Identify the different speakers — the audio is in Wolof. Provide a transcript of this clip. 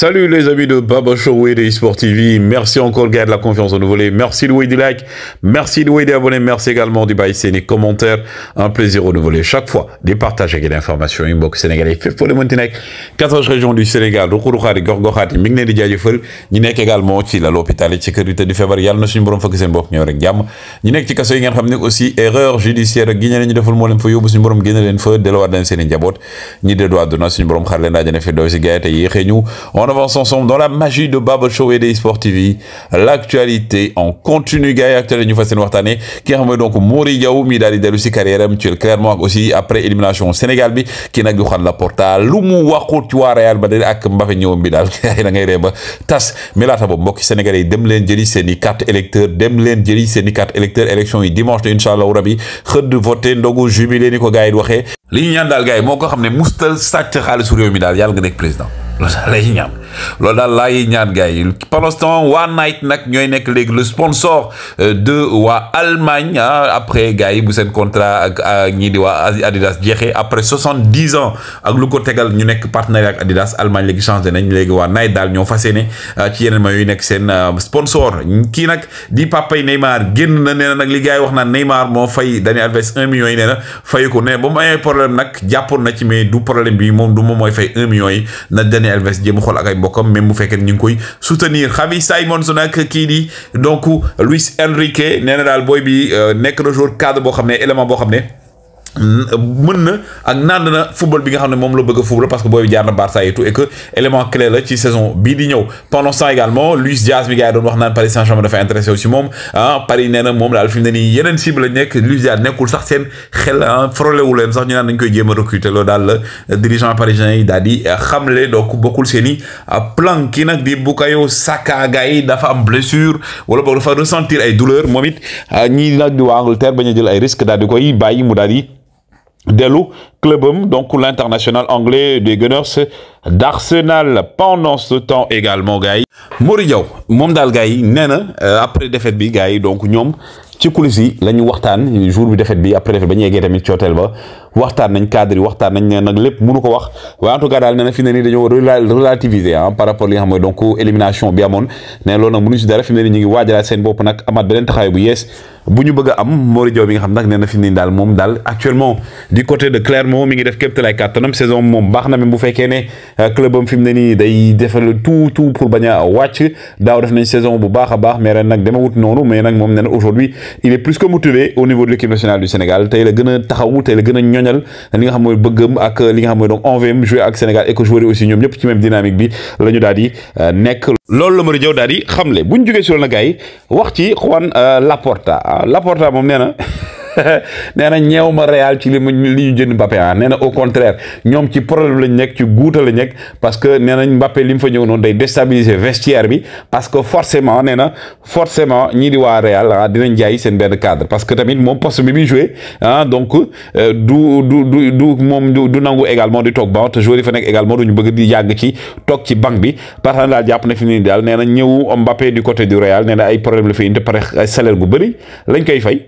Speaker 1: Salut les amis de Baba Show et Sport TV. Merci encore, gars, de la confiance au renouvelée. Merci de louer du like. Merci de louer des abonnés. Merci également du bail des commentaires. Un plaisir renouvelé chaque fois. Des partages avec des informations. Inbox sénégalais. Fait pour le Montenegro. 14 régions du Sénégal. Rukurukhari, Gorgokhati, Migne de Djadjefoul. Nous sommes également à l'hôpital et sécurité du février. Yal nos numéros focus en bok ñorek jam. Ñi nek ci kasso yi xamné aussi erreur judiciaire Guinée ñene ñu deful mo leen fa yobbu suñu borom gënal leen fa dañ seen njabot ñi de droit de na suñu borom xar leen daaje ne fi do ci gaay on avance ensemble dans la magie de Babo Show et des Sport TV. L'actualité en continu, gars, actuelle, nous faisons Wartane, qui a donc Mouri Yaou, Midali Delusi, carrière, tu clairement aussi après élimination au Sénégal, qui n'a pas la porta, Lumu Wako, tu as Real Madrid, ak Mbappé Nyo, Midal, tas, mais là, t'as bon, Sénégalais, Demlen Djeli, c'est ni carte électeur, Demlen Djeli, c'est ni carte électeur, élection, dimanche, Inch'Allah, Rabi, de voter, ndogu jubilé ni ko gars yi waxee li ñu ñaan daal gars yi moo ko xam mustal sàcc xaalisu réew mi daal yàlla nga nekk président 我说，来一样。loolu daal laay ñaan gars yi pendant ce temps waa Nike nag ñooy nekk léegi le sponsor euh, de waa Allemagne ah après gars yi bu seen contrat ak ñii di waa Adidas jeexee après soixante dix ans ak lu ko tegal ñu nekk partenariat ak Adidas Allemagne léegi changé nañ léegi waa Nike daal ñoo fas yéene ah, ci yeneen ma yooyu nekk seen ah, sponsor kii nag di papay Neymar génn na nee na nag li gars yi wax naan Neymar moo fay Dani Alves un million yi nee na fayu ko nee na ba mu amee na ci mais du problème moom du mooy fay un yi na mbokkam même bu fekkee ñu ngi koy soutenir Xavi Simons nag kii di donc Luis Enrique nee na daal booy bi euh, nekk na joueur cadre boo xam ne élément boo xam ne mën na ak nànd na football bi nga xam ne moom la bëgg a football parce que booy jaar na Barça et tout et que élément clé la ci saison bii di ñëw pendant ce temps également Luis Diaz mi gars yi doon wax naan Paris Saint-Germain dafa intéressé aussi moom ah Paris nee na moom daal fi mu ne nii yeneen cible la nekk Luis Diaz nekkul sax seen xel ah wu leen sax ñu naan dañ koy jéem a recruter loolu daal la dirigeant parisien yi daal di xamle donc bokkul seen i plan kii nag di Bukayo Saka gars yi dafa am blessure wala boog dafa ressentir ay douleur moom it ah, ñii nag di waa Angleterre bañ a jël ay risque daal di koy bàyyi mu daal di Delou, clubum, donc l'international anglais de Gunners d'Arsenal. Pendant ce temps également, Gaï Mourinho Moridiaw moom daal gars euh, après défaite bi gaï donc Nyom ci coulisses yi la ñu le jour bi défaite après défaite tamit ci ba waxtaan nañ cadre yi waxtaan nañ ne nag lépp mënu ko wax waaye en tout cas daal nee na fi ne nii dañoo relativiser ah par rapport li nga xam mooy donc élimination bi amoon ne loolu nag mënuñu si dara fi mu ne nii ñu ngi waajalaat seen bopp nag amaat beneen taxawaay bu yees bu ñu bëgg a am Mori Diaw bi nga xam nag nee na fi mu ne nii daal moom daal actuellement du côté de Clermont mi ngi def képp talaay kàttanam saison moom baax na même bu fekkee ne euh, club am fi mu ne nii day defal tout tout pour bañ a wàcc daaw def nañ saison bu baax a baax mais ren nag dama wut noonu mais nag moom nee na aujourd'hui il est plus que motivé au niveau de l'équipe nationale du Sénégal tey la gën a taxawu tey la gën a ñoñal li nga xam mooy bëggam ak li nga xam mooy donc envém jouer ak Sénégal et que aussi ñoom ñëpp ci même dynamique bi la ñu daal di euh, nekk loolu la Marie Diaw daal di xamle bu ñu jógee si loolu wax ci Juan euh, Laporta Laporta moom nee nee na ñeew ma Real ci li mu li ñu jënd Mbappé ah nee na au contraire ñoom ci problème lañ nekk ci guuta la nekk parce que nee nañ Mbappé li mu fa ñëw noonu day déstabiliser vestiaire bi parce que forcément nee na forcément ñii di waa Real ah dinañ jaay seen benn cadre parce que tamit moom poste bi muy joué ah donc euh, du du du du moom du nangu également di toog banc te joueur yi fa nekk également duñu bëgg di yàgg ci toog ci banc bi par exemple daal jàpp na fi ni daal nee na ñëw Mbappé du côté du Real nee na ay problème la fi indi pare salaire gu bëri lañ koy fay